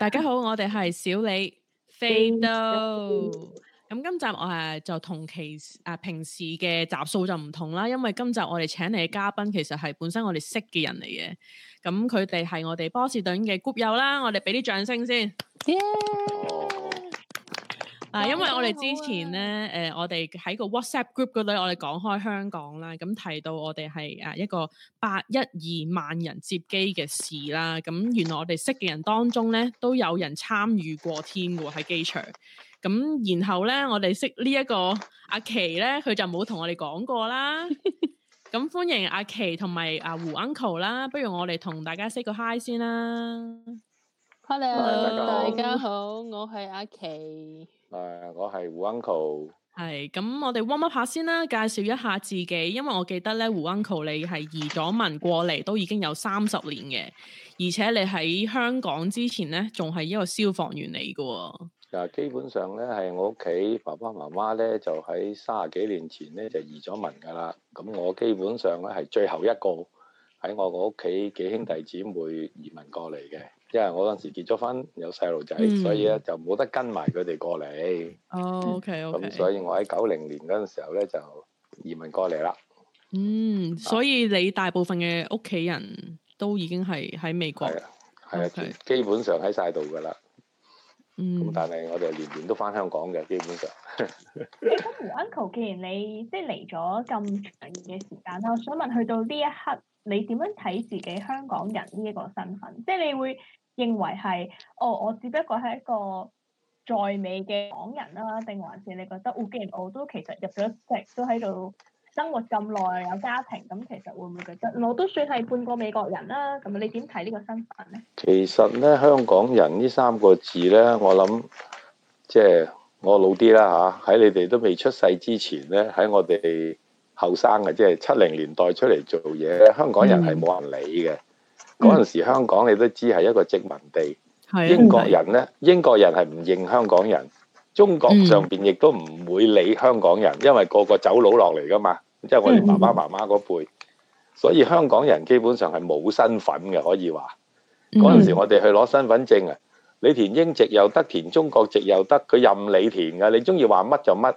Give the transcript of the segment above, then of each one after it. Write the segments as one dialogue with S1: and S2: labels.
S1: 大家好，我哋係小李 Faydough 咁今集我係、啊、就同期，誒、啊、平時嘅集數就唔同啦，因為今集我哋請嚟嘅嘉賓其實係本身我哋識嘅人嚟嘅。咁佢哋係我哋波士頓嘅 group 友啦，我哋俾啲掌聲先。Yeah! 啊，因為我哋之前咧，誒、哦啊呃，我哋喺個 WhatsApp group 嗰度，我哋講開香港啦，咁、嗯、提到我哋係啊一個八一二萬人接機嘅事啦，咁、嗯、原來我哋識嘅人當中咧都有人參與過添嘅喎喺機場，咁然後咧我哋識、呢個、呢一個阿琪咧，佢就冇同我哋講過啦，咁、 嗯、歡迎阿琪同埋啊胡 uncle 啦，不如我哋同大家 say 個 hi 先啦。
S2: hello，大家好，家好我係阿奇。誒、呃，我係胡 Uncle。
S1: 係咁，我哋 warm up 下先啦，介紹一下自己。因為我記得咧，胡 Uncle 你係移咗民過嚟，都已經有三十年嘅，而且你喺香港之前咧，仲係一個消防員嚟嘅。
S2: 嗱、呃，基本上咧係我屋企爸爸媽媽咧就喺三十幾年前咧就移咗民噶啦。咁我基本上咧係最後一個喺我個屋企幾兄弟姊妹移民過嚟嘅。因為我嗰陣時結咗婚，有細路仔，嗯、所以咧就冇得跟埋佢哋過嚟。哦，OK，OK。咁、
S1: 嗯 okay, okay.
S2: 所以我喺九零年嗰陣時候咧就移民過嚟啦。嗯，
S1: 所以你大部分嘅屋企人都已經係喺美國。係啊，啊，啊、
S2: okay，基本上喺晒度噶啦。嗯。咁、嗯、但係我哋年年都翻香港嘅，基本上。
S3: 咁，Uncle，既然你即係嚟咗咁長嘅時間啦，我想問去到呢一刻，你點樣睇自己香港人呢一個身份？即係你會，認為係哦，我只不過係一個在美嘅港人啦，定還是你覺得？我、哦、既然我都其實入咗籍，都喺度生活咁耐，有家庭，咁其實會唔會覺得、嗯、我都算係半個美國人啦？咁你點睇呢個身份咧？
S2: 其實咧，香港人呢三個字咧，我諗即係我老啲啦吓，喺你哋都未出世之前咧，喺我哋後生嘅即係七零年代出嚟做嘢，香港人係冇人理嘅。嗯嗰陣時香港你都知係一個殖民地，英國人呢，英國人係唔認香港人，中國上邊亦都唔會理香港人，因為個個走佬落嚟噶嘛，即係我哋爸爸媽媽嗰輩，所以香港人基本上係冇身份嘅，可以話。
S4: 嗰陣時我
S2: 哋去攞身份證啊，你填英籍又得，填中國籍又得，佢任你填噶，你中意話乜就乜。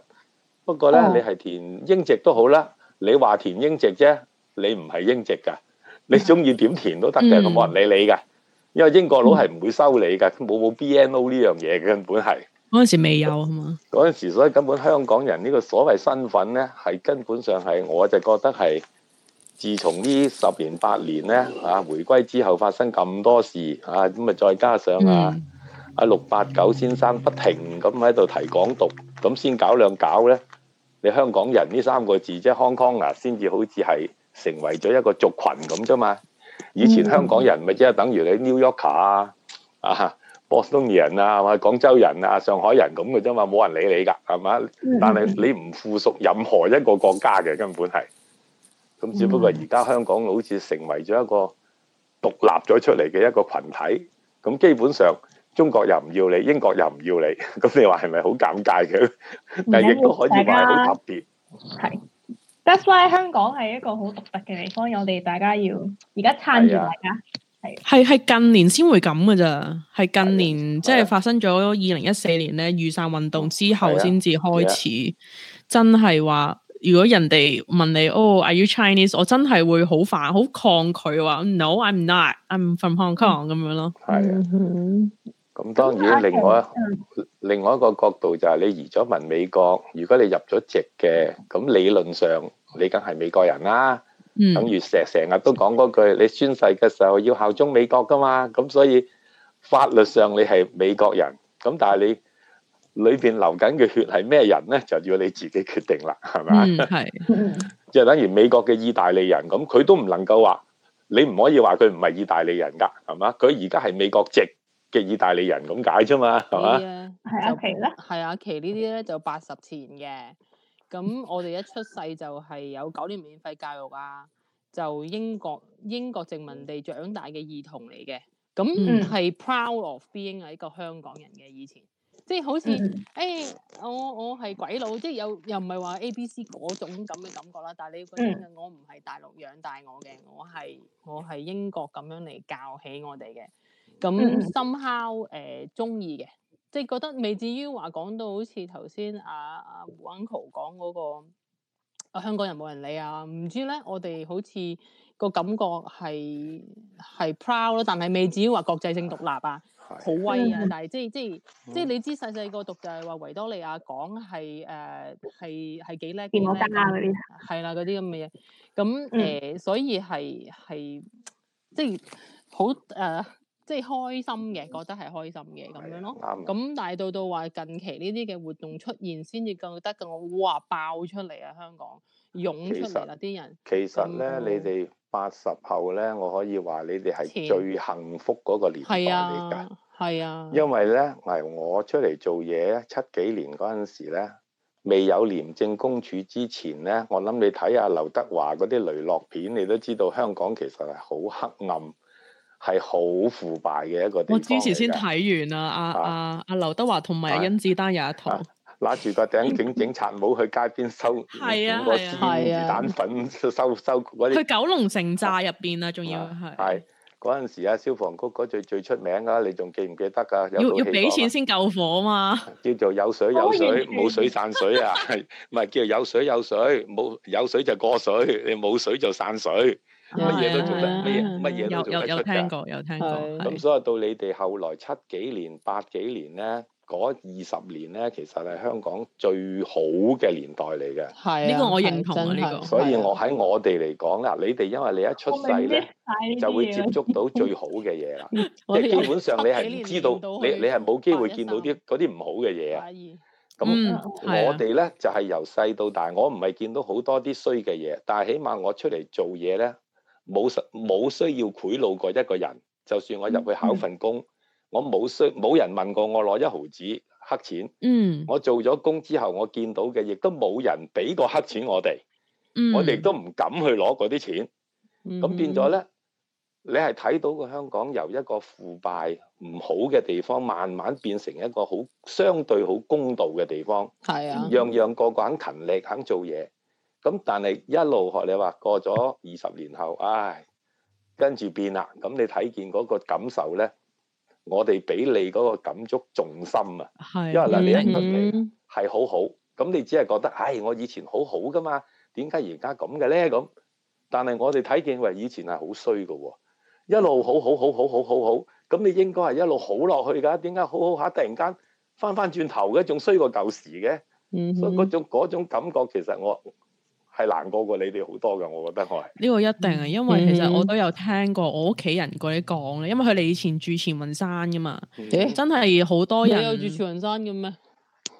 S2: 不過呢，你係填英籍都好啦，你話填英籍啫，你唔係英籍噶。你中意點填都得嘅，我冇、嗯、人理你嘅，因為英國佬係唔會收你噶，冇冇 BNO 呢樣嘢嘅，根本係、NO。
S1: 嗰陣時未有啊嘛，
S2: 嗰陣時所以根本香港人呢個所謂身份呢，係根本上係我就覺得係，自從呢十年八年呢，啊回歸之後發生咁多事啊，咁啊再加上啊阿、嗯啊、六八九先生不停咁喺度提港獨，咁先搞兩搞呢。你香港人呢三個字即係康 o n 先至好似係。成為咗一個族群咁啫嘛，以前香港人咪即係等於你 New Yorker 啊、mm hmm. 啊 Boston 人啊、或者廣州人啊、上海人咁嘅啫嘛，冇人理你㗎，係嘛？Mm hmm. 但係你唔附屬任何一個國家嘅根本係，咁只不過而家香港好似成為咗一個獨立咗出嚟嘅一個群體，咁基本上中國又唔要你，英國又唔要你，咁你話係咪好尷尬嘅？ 但亦都可以話係好特別。
S3: 係。That's why 香港係一個好獨特嘅地方，我哋大家
S1: 要而家撐住大家，係係係近年先會咁噶咋，係近年 Yeah. 即係發生咗二零一四年咧雨傘運動之後先至開始，Yeah. 真係話如果人哋問你哦、oh, Are you Chinese？我真係會好煩，好抗拒話 No，I'm not，I'm from Hong Kong 咁樣咯，係啊 Yeah.、嗯。
S2: 咁、嗯、當然，另外、嗯、另外一個角度就係你移咗民美國，如果你入咗籍嘅，咁理論上你梗係美國人啦，嗯、等如成成日都講嗰句，你宣誓嘅時候要效忠美國噶嘛，咁所以法律上你係美國人，咁但係你裏邊流緊嘅血係咩人呢？就要你自己決定啦，係咪、嗯？嗯，係，即係等於美國嘅意大利人，咁佢都唔能夠話你唔可以話佢唔係意大利人㗎，係嘛？佢而家係美國籍。嘅意大利人咁解啫嘛，
S4: 係嘛、啊？係阿吧、啊、奇咧，係阿奇呢啲咧就八十前嘅，咁我哋一出世就係有九年免費教育啊，就英國英國殖民地長大嘅兒童嚟嘅，咁係 proud of being 係一個香港人嘅以前，即係好似誒、嗯哎、我我係鬼佬，即係又又唔係話 A B C 嗰種咁嘅感覺啦，但係你要講緊我唔係大陸養大我嘅，我係我係英國咁樣嚟教起我哋嘅。咁深烤誒，中意嘅，即係覺得未至於話講到好似頭先阿啊 Uncle 講嗰個啊香港人冇人理啊，唔知咧，我哋好似個感覺係係 proud 咯，但係未至於話國際性獨立啊，好威啊、嗯！但係即係即係即係你知細細個讀就係話維多利亞港係誒係係幾叻嘅，建得啊，嗰啲係啦嗰啲咁嘅嘢，咁、嗯、誒、嗯、所以係係即係好誒。即係開心嘅，覺得係開心嘅咁的樣咯。啱啦的。咁但係到到話近期呢啲嘅活動出現，先至覺得嘅我哇爆出嚟啊！香港湧出嚟啦啲人。其
S2: 實咧，嗯、你哋八十後咧，我可以話你哋係最幸福嗰個年代係啊。
S4: 係啊。
S2: 因為咧，嗱，我出嚟做嘢七幾年嗰陣時咧，未有廉政公署之前咧，我諗你睇下劉德華嗰啲雷洛片，你都知道香港其實係好黑暗，係好腐敗嘅一個地方嚟嘅。我之前先睇
S1: 完啊，阿阿阿劉德華同埋甄子丹有一套。
S2: 揦住個頂整警察帽去街邊收，係啊係啊。蛋粉收、啊、收啲。收去
S1: 九龍城寨入邊啊，仲要係。
S2: 係嗰陣時啊，消防局嗰最最出名記記啊，你仲記唔記得㗎？要俾錢
S1: 先救火嘛。
S2: 叫做有水有水，冇水散水啊，係唔係叫有水有水，冇有水就過水，你冇水就散水。乜嘢都做得，乜嘢乜嘢都做得出㗎。有有有有聽過，有聽過。咁所以到你哋後來七幾年、八幾年咧，嗰二十年咧，其實係香港最好嘅年代嚟嘅。係，呢個我認同呢個。所以我喺我哋嚟講啦，你哋因為你一出世咧，
S3: 就會接觸
S2: 到最好嘅嘢啦。我基本上你係唔知道，你你係冇機會見到啲嗰啲唔好嘅嘢啊。咁我哋咧就係由細到大，我唔係見到好多啲衰嘅嘢，但係起碼我出嚟做嘢咧。冇需冇需要賄賂過一個人，就算我入去考份工，嗯、我冇需冇人問過我攞一毫子黑錢。嗯，我做咗工之後，我見到嘅亦都冇人俾過黑錢我哋。嗯、我哋都唔敢去攞嗰啲錢。咁、嗯、變咗咧，你係睇到個香港由一個腐敗唔好嘅地方，慢慢變成一個好相對好公道嘅地方。
S4: 係啊、嗯，嗯、樣
S2: 樣個個肯勤力，肯做嘢。咁但係一路學你話過咗二十年後，唉，跟住變啦。咁你睇見嗰個感受咧，我哋俾你嗰個感觸重心啊，是因為嗱，嗯、你覺得你係好好咁，你只係覺得唉，我以前好好噶嘛，點解而家咁嘅咧？咁但係我哋睇見，喂，以前係好衰噶喎，一路好好好好好好好咁，你應該係一路好落去㗎，點解好好下突然間翻翻轉頭嘅，仲衰過舊時嘅？嗯嗯、所以嗰種嗰種感覺其實我，係難過過你哋好多噶，我覺
S1: 得我係呢個一定係，嗯、因為其實我都有聽過我屋企人嗰啲講咧，嗯、因為佢哋以前住前雲山噶嘛，嗯、真係好多人。你有住前雲山嘅咩？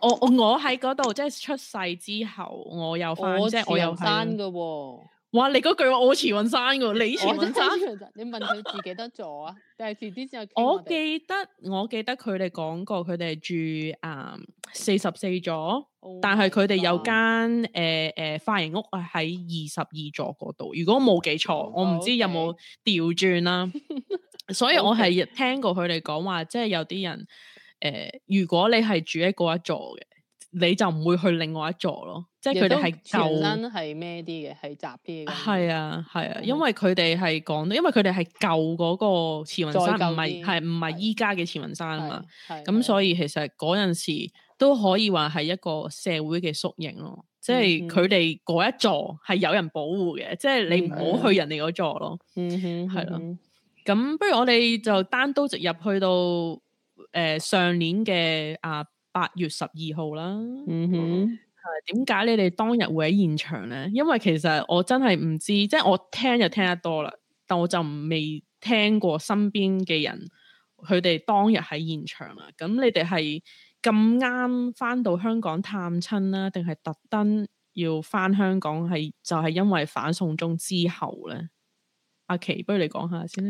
S1: 我我喺嗰度，即係出世之後，我又翻、哦、即係我又山嘅喎。哇！你嗰句話我遲運山嘅，你慈雲山，
S4: 你問佢自己得座啊？第時啲後我記得，我記得佢
S1: 哋講過，佢哋住誒四十四座，oh, 但係佢哋有間誒誒髮型屋喺二十二座嗰度。如果冇記錯，oh, okay. 我唔知有冇調轉啦。 所以我係聽過佢哋講話，即、就、係、是、有啲人誒、呃，如果你係住一個一座嘅。你就唔會去另外一座咯，即係佢哋係舊，前身
S4: 係咩啲嘅，係雜啲嘅。
S1: 係啊，係啊，因為佢哋係講，因為佢哋係舊嗰個慈雲山，唔係係唔係依家嘅慈雲山啊嘛。咁所以其實嗰陣時都可以話係一個社會嘅縮影咯，即係佢哋嗰一座係有人保護嘅，即係你唔好去人哋嗰座咯。嗯哼，係咯。咁不如我哋就單刀直入去到誒上年嘅啊。八月十二號啦，嗯哼，係點解你哋當日會喺現場咧？因為其實我真係唔知，即係我聽就聽得多啦，但我就未聽過身邊嘅人佢哋當日喺現場啦。咁你哋係咁啱翻到香港探親啦，定係特登要翻香港係就係因為反送中之後咧？
S4: 阿琪，不如你講下先。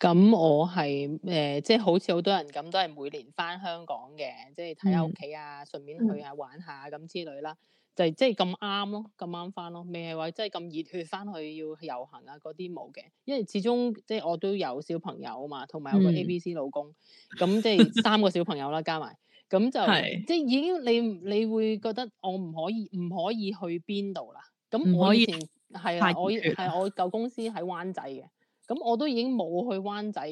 S4: 咁、嗯、我係誒、呃，即係好似好多人咁，都係每年翻香港嘅，即係睇下屋企啊，順便去下、啊嗯、玩下玩下咁之類啦。就即係咁啱咯，咁啱翻咯，未係話即係咁熱血翻去要遊行啊嗰啲冇嘅。因為始終即係我都有小朋友啊嘛，同埋有個 A B C、嗯、老公，咁即係三個小朋友啦 加埋，咁就是即係已經你你會覺得我唔可以唔可以去邊度啦？咁我以前以。係啊，我係我舊公司喺灣仔嘅，咁我都已經冇去灣仔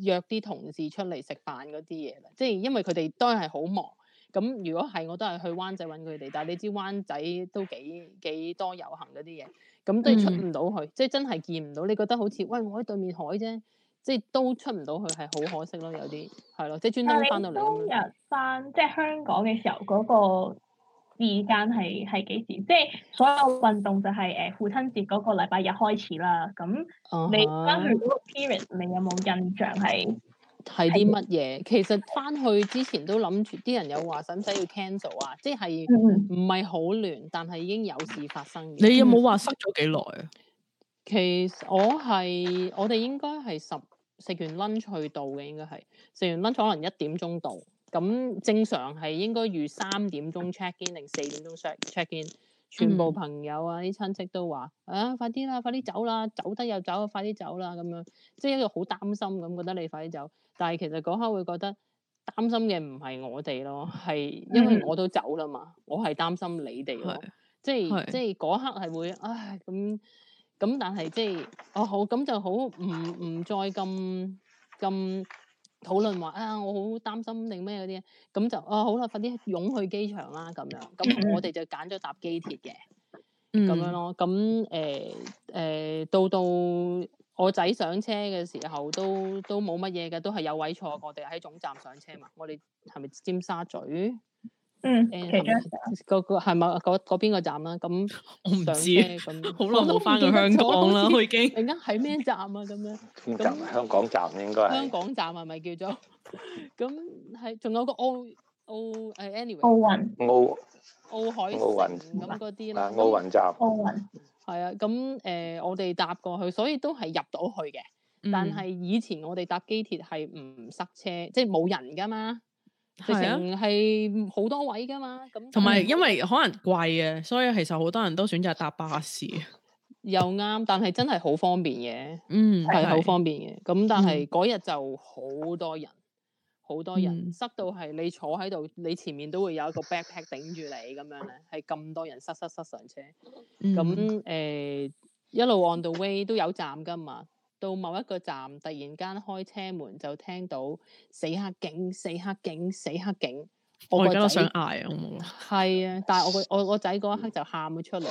S4: 約啲同事出嚟食飯嗰啲嘢啦，即係因為佢哋都係好忙。咁如果係我都係去灣仔揾佢哋，但係你知灣仔都幾幾多遊行嗰啲嘢，咁都係出唔到去，嗯、即係真係見唔到。你覺得好似喂我喺對面海啫，即係都出唔到去，係好可惜咯。有啲係咯，即係專登翻到嚟。當日翻即係香港嘅時候嗰、嗰個。時間係係幾
S3: 時？即係所有運動就係、是、誒、呃、父親節嗰個禮拜日開始啦。咁、嗯 uh huh. 你翻
S4: 去嗰個 period，你有冇印象係係啲乜嘢？其實翻去之前都諗住，啲人有話使唔使要 cancel 啊？即係唔係好亂，嗯、但係已經有事發生。你有冇話
S1: 塞咗幾耐
S4: 啊？其實我係我哋應該係十食完 lunch 去到嘅，應該係食完 lunch 可能一點鐘到。咁正常係應該如三點鐘 check in 定四點鐘 check in，嗯，全部朋友啊啲親戚都話啊快啲啦，快啲走啦，走得又走，快啲走啦咁樣，即係一個好擔心咁，覺得你快啲走。但係其實嗰刻會覺得擔心嘅唔係我哋咯，係因為我都走啦嘛，我係擔心你哋咯，是即係是即係嗰刻係會唉咁咁，但係即係哦好咁就好，唔唔再咁咁。討論話啊，我好擔心定咩嗰啲，咁就啊好啦，快啲涌去機場啦咁樣，咁我哋就揀咗搭機鐵嘅，
S2: 咁、嗯、樣咯，
S4: 咁誒誒到到我仔上車嘅時候，都都冇乜嘢嘅，都係有位坐我，我哋喺總站上車嘛，我哋係咪尖沙咀？嗯，其間係咪個嗰邊個站啦？咁我唔知咁好耐冇翻過香港啦，已經。而家喺咩站啊？咁樣。香
S2: 港站應該係。香
S4: 港站係咪叫做？咁係仲有個奧奧誒，anyway。奧運。奧。奧海。奧運。咁嗰啲啦。啊，奧運站。奧運。係啊，咁誒，我哋搭過去，所以都係入到去嘅。但係以前我哋搭機鐵係唔塞車，即係冇人㗎嘛。係啊，係好多位噶嘛，咁同埋因
S1: 為可能貴啊，所以其實好多人都選擇搭巴士。
S4: 又啱，但係真係好方便嘅，嗯，係好方便嘅。咁、嗯、但係嗰日就好多人，好、嗯、多人塞到係你坐喺度，你前面都會有一個 backpack 頂住你咁樣咧，係咁多人塞,塞塞塞上車。
S2: 咁誒、嗯
S4: 呃、一路 on the way 都有站噶嘛。到某一個站，突然間開車門就聽到死黑警、死黑警、死黑警，我真係想嗌
S1: 啊！
S4: 係啊，但係我個我個仔嗰一刻就喊咗出嚟，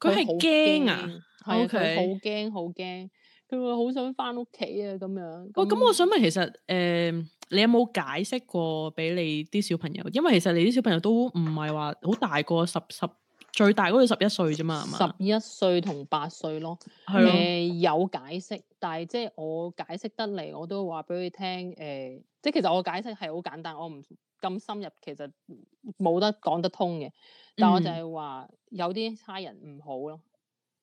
S4: 佢係驚啊，
S1: 係佢好
S4: 驚好驚，佢話好想翻屋企啊咁樣。
S1: 我咁、哦、我想問其實誒、呃，你有冇解釋過俾你啲小朋友？因為其實你啲小朋友都唔係話好大個十十，最大嗰個十一歲啫嘛，係嘛？
S4: 十一歲同八歲咯，係咯的、呃。有解釋，但係即係我解釋得嚟，我都話俾佢聽，誒、呃，即係其實我解釋係好簡單，我唔咁深入，其實冇得講得通嘅。但我就係話有啲差人唔好咯。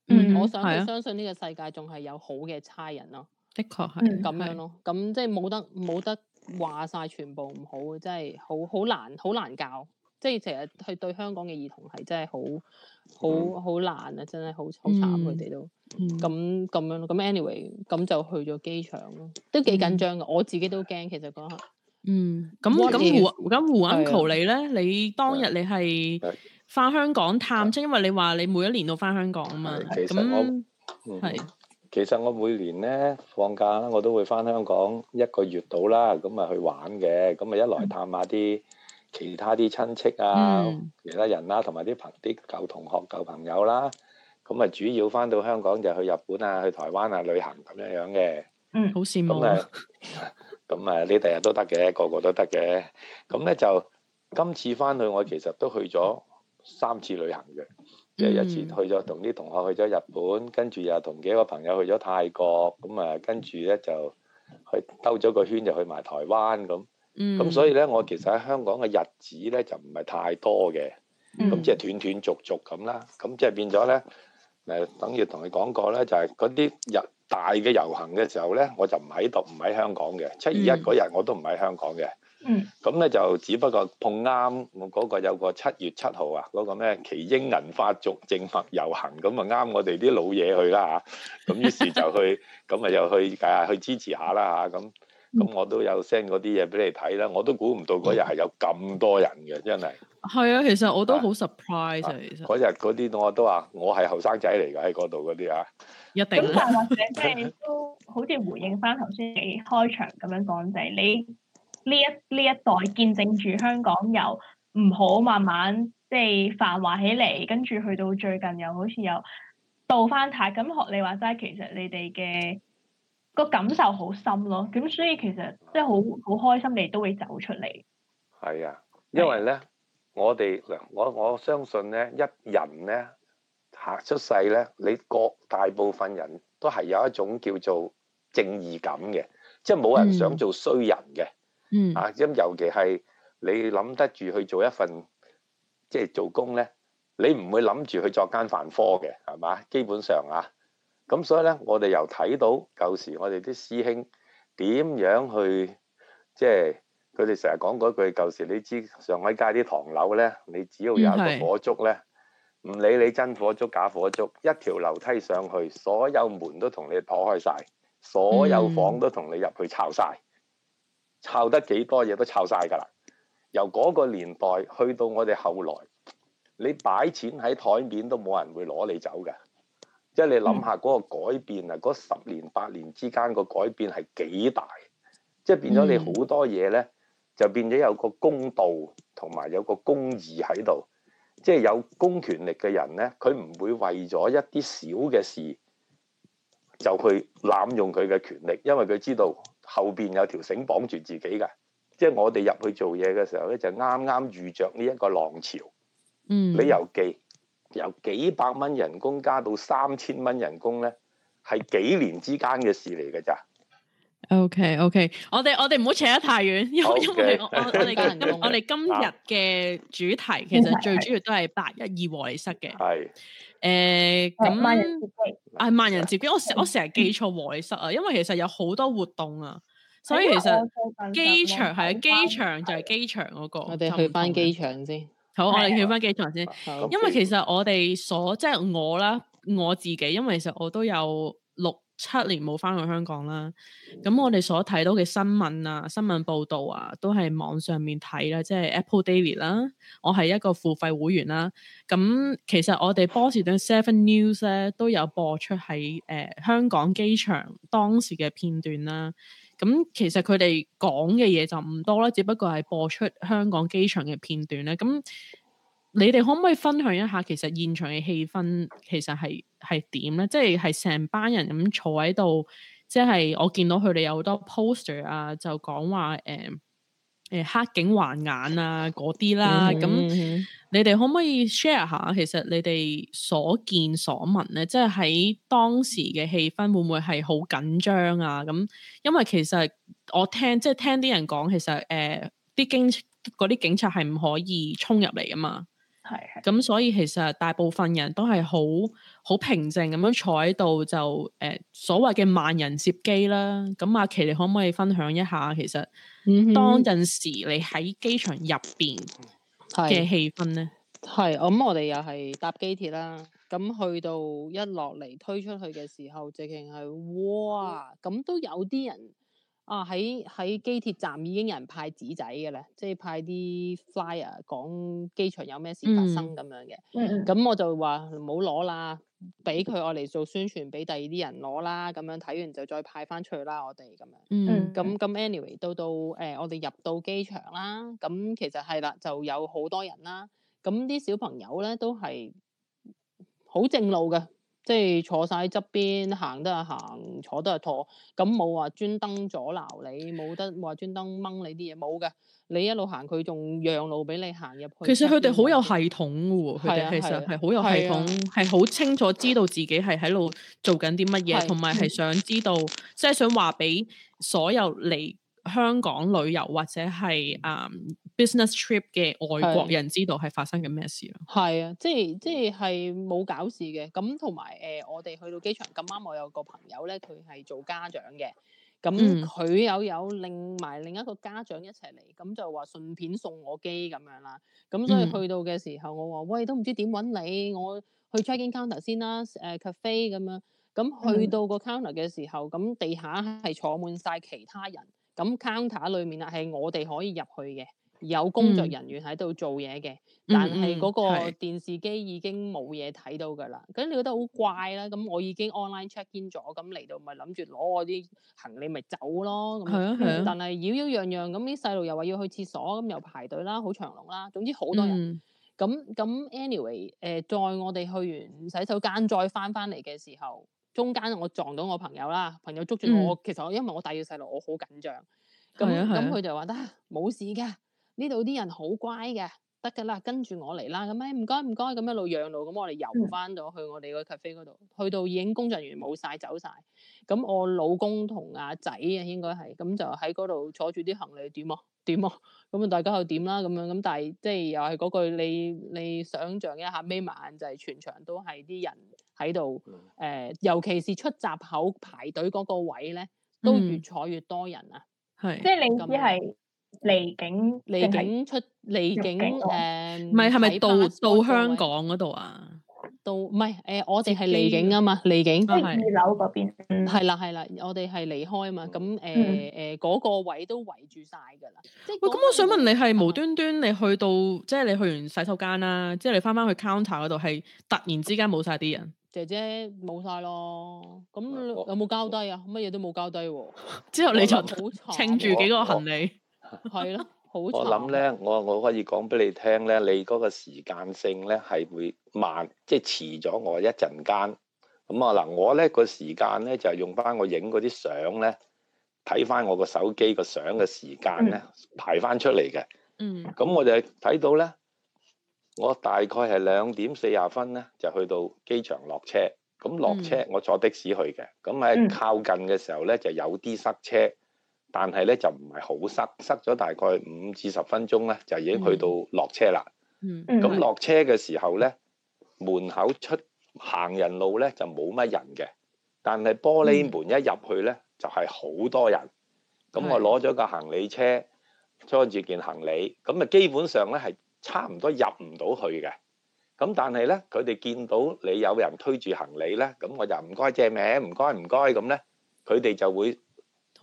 S4: 嗯，我想佢的相信呢個世界仲係有好嘅差人咯。
S1: 的確係咁、嗯、樣
S4: 咯，咁的即係冇得冇得話晒，全部唔好，即係好好難好難、難教。即係成日係對香港嘅兒童係真係好好好難啊！真係好好慘，佢哋都咁咁樣咁 anyway，咁就去咗機場咯，都幾緊張嘅。我自己都驚，其實嗰下。嗯，咁
S1: 咁胡咁胡恩圖你咧？你當日你係翻香港探，即因為你話你每一年都翻香港啊嘛。咁，
S2: 係其實我每年咧放假啦，我都會翻香港一個月到啦，咁啊去玩嘅，咁啊一來探下啲。其他啲親戚啊，嗯、其他人啦、啊，同埋啲朋啲舊同學、舊朋友啦、啊，咁啊主要翻到香港就去日本啊、去台灣啊旅行咁樣樣嘅。
S1: 嗯，好羨慕啊！
S2: 咁啊你第日都得嘅，個個都得嘅。咁咧就今次翻去我其實都去咗三次旅行嘅，
S4: 即係一次
S2: 去咗同啲同學去咗日本，跟住又同幾個朋友去咗泰國，咁啊跟住咧就去兜咗個圈就去埋台灣咁。咁、嗯、所以咧，我其實喺香港嘅日子咧就唔係太多嘅，咁即係斷斷續續咁啦。咁即係變咗咧，誒，等於同你講過咧，就係嗰啲日大嘅遊行嘅時候咧，我就唔喺度，唔喺香港嘅。七月一嗰日我都唔喺香港嘅。嗯。咁咧就只不過碰啱，我、那、嗰個有個七月七號啊，嗰、那個咩？耆英銀發族政法遊行，咁啊啱我哋啲老嘢去啦嚇。咁於是就去，咁咪又去，梗係去支持下啦嚇咁。那個咁、嗯、我都有 send 嗰啲嘢俾你睇啦，我都估唔到嗰日係有咁多人嘅，真係。
S1: 係啊，其實我都好 surprise 啊！啊其實
S2: 嗰日嗰啲我都話，我係後生仔嚟㗎喺嗰度嗰啲啊。一定。咁 但係或者即係
S1: 都
S3: 好似回應翻頭先你開場咁樣講，就係你呢一呢一代見證住香港又唔好慢慢即係、就係、繁華起嚟，跟住去到最近又好似又倒翻曬。咁學你話齋，其實你哋嘅。個感受好深咯，咁所以其實即係好好開心，你都會走出嚟。
S2: 係啊，因為咧是，我哋我我相信咧，一人咧嚇出世咧，你各大部分人都係有一種叫做正義感嘅，即係冇人想做衰人嘅。嗯。啊，咁尤其係你諗得住去做一份即係做工咧，你唔會諗住去作奸犯科嘅，係嘛？基本上啊。咁所以咧，我哋又睇到舊時我哋啲師兄點樣去，即係佢哋成日講嗰句：舊時你知上海街啲唐樓咧，你只要有一個火燭咧，唔理是的 你真火燭假火燭，一條樓梯上去，所有門都同你破開晒，所有房都同你入去抄晒，抄得幾多嘢都抄晒㗎啦。由嗰個年代去到我哋後來，你擺錢喺台面都冇人會攞你走㗎。即係你諗下嗰個改變啊，嗰十年八年之間個改變係幾大？即係變咗你好多嘢咧，就變咗有個公道同埋有個公義喺度。即係有公權力嘅人咧，佢唔會為咗一啲小嘅事就去濫用佢嘅權力，因為佢知道後邊有條繩綁住自己㗎。即係我哋入去做嘢嘅時候咧，就啱啱遇着呢一個浪潮。遊嗯，你又記？由幾百蚊人工加到三千蚊人工咧，係幾年之間嘅事嚟嘅咋
S1: ？OK OK，我哋我哋唔好扯得太遠，因因為我哋今我哋今日嘅主題其實最主要都係八一二和你室嘅。係。誒咁啊，萬人接機，我我成日記錯和你室啊，因為其實有好多活動啊，所以其實機場係機場就係機場嗰個。我哋去返機場先。好，的我哋跳翻機場先，好因為其實我哋所即係我啦，我自己，因為其實我都有六七年冇翻去香港啦。咁我哋所睇到嘅新聞啊、新聞報道啊，都係網上面睇啦，即係 Apple Daily 啦。我係一個付費會員啦。咁其實我哋波士頓 Seven News 咧都有播出喺誒、呃、香港機場當時嘅片段啦。咁、嗯、其實佢哋講嘅嘢就唔多啦，只不過係播出香港機場嘅片段咧。咁、嗯、你哋可唔可以分享一下，其實現場嘅氣氛其實係係點咧？即係係成班人咁坐喺度，即係我見到佢哋有好多 poster 啊，就講話誒、嗯誒、呃、黑警還眼啊嗰啲啦，咁你哋可唔可以 share 下？其實你哋所見所聞咧，即係喺當時嘅氣氛會唔會係好緊張啊？咁因為其實我聽即係、就是、聽啲人講，其實誒啲警啲警察係唔可以衝入嚟㗎嘛，係是，咁所以其實大部分人都係好好平靜咁樣坐喺度就誒、呃、所謂嘅萬人接機啦，咁阿琪，你可唔可以分享一下其實當陣時你喺機場入邊嘅氣氛咧？
S4: 係、mm hmm. 嗯嗯、我諗我哋又係搭機鐵啦，咁去到一落嚟推出去嘅時候，直情係哇！咁都有啲人啊喺喺機鐵站已經有人派紙仔嘅啦，即係派啲 flyer 講機場有咩事發生咁樣嘅，咁、mm hmm. 我就話唔好攞啦。俾佢我嚟做宣傳，俾第二啲人攞啦，咁樣睇完就再派翻出去啦，我哋咁樣。嗯，咁咁，Anyway，到到誒、呃，我哋入到機場啦，咁其實係啦，就有好多人啦，咁啲小朋友咧都係好正路嘅。即係坐晒喺側邊，行得係行，坐得係坐，咁冇話專登阻撓你，冇得話專登掹你啲嘢，冇嘅。你一路行，佢仲讓路俾你行入去。其實佢哋
S1: 好有系統嘅喎，佢哋其實係好有系統，係好、啊啊、清楚知道自己係喺度做緊啲乜嘢，同埋係想知道，即、就、係、是、想話俾所有嚟香港旅遊或者係啊。Um, Business trip 嘅外國人知道係發生緊咩事咯。
S4: 係啊，即係即係係冇搞事嘅。咁同埋誒，我哋去到機場咁啱，我有個朋友咧，佢係做家長嘅。咁佢又有另埋另一個家長一齊嚟，咁就話順便送我機咁樣啦。咁所以去到嘅時候，我話喂都唔知點揾你，我去 check-in counter 先啦。誒、啊、cafe 咁樣，咁去到個 counter 嘅時候，咁地下係坐滿晒其他人，咁 counter 裡面啊係我哋可以入去嘅。有工作人員喺度做嘢嘅，嗯、但係嗰個電視機已經冇嘢睇到㗎啦。咁、嗯、你覺得好怪啦。咁、嗯、我已經 online check in 咗，咁嚟到咪諗住攞我啲行李咪走咯。係、啊啊、但係妖妖攘攘咁啲細路又話要去廁所，咁又排隊啦，好長龍啦。總之好多人。咁咁、嗯、anyway，誒、呃，在我哋去完洗手間再翻翻嚟嘅時候，中間我撞到我朋友啦，朋友捉住我。嗯、其實我因為我帶住細路，我好緊張。咁咁佢就話：得、啊，冇、啊啊、事㗎。呢度啲人好乖嘅，得噶啦，跟住我嚟啦，咁咧唔該唔該，咁一路讓路，咁我哋遊翻咗去我哋個 cafe 嗰度，去到已經工作人員冇晒走晒。咁我老公同阿仔啊應該係，咁就喺嗰度坐住啲行李點啊點啊，咁啊大家又點啦咁樣，咁但係即係又係嗰句，你你想像一下，眯埋眼就係、是、全場都係啲人喺度，誒、呃、尤其是出閘口排隊嗰個位咧，都越坐越多人啊，即係寧啲係。離境，離境出，離境誒，唔係係咪到到香港嗰度啊？到唔係誒，我哋係離境啊嘛，離境即二樓嗰邊。係啦係啦，我哋係離開啊嘛，咁誒誒嗰個位都圍住晒噶啦。喂，咁我想問
S1: 你，係無端端你去到，即係你去完洗手間啦，即係你翻翻去 counter 嗰度，係突然之間冇晒啲人。
S4: 姐姐冇晒咯，咁有冇交低啊？乜嘢都冇交低。之後你就稱住幾個行李。係咯，好。我諗
S2: 咧，我我可以講俾你聽咧，你嗰個時間性咧係會慢，即係遲咗我一陣間。咁啊嗱，我咧個時間咧就係、是、用翻我影嗰啲相咧，睇翻我個手機個相嘅時間咧排翻出嚟嘅。嗯。咁我就睇到咧，我大概係兩點四十分咧就去到機場落車。咁落車、嗯、我坐的士去嘅。咁喺靠近嘅時候咧就有啲塞車。但係咧就唔係好塞，塞咗大概五至十分鐘咧，就已經去到落車啦。嗯嗯。
S3: 咁落
S2: 車嘅時候咧，門口出行人路咧就冇乜人嘅，但係玻璃門一入去咧就係好多人。咁我攞咗個行李車，裝住件行李，咁啊基本上咧係差唔多入唔到去嘅。咁但係咧，佢哋見到你有人推住行李咧，咁我就唔該借名，唔該唔該咁咧，佢哋就會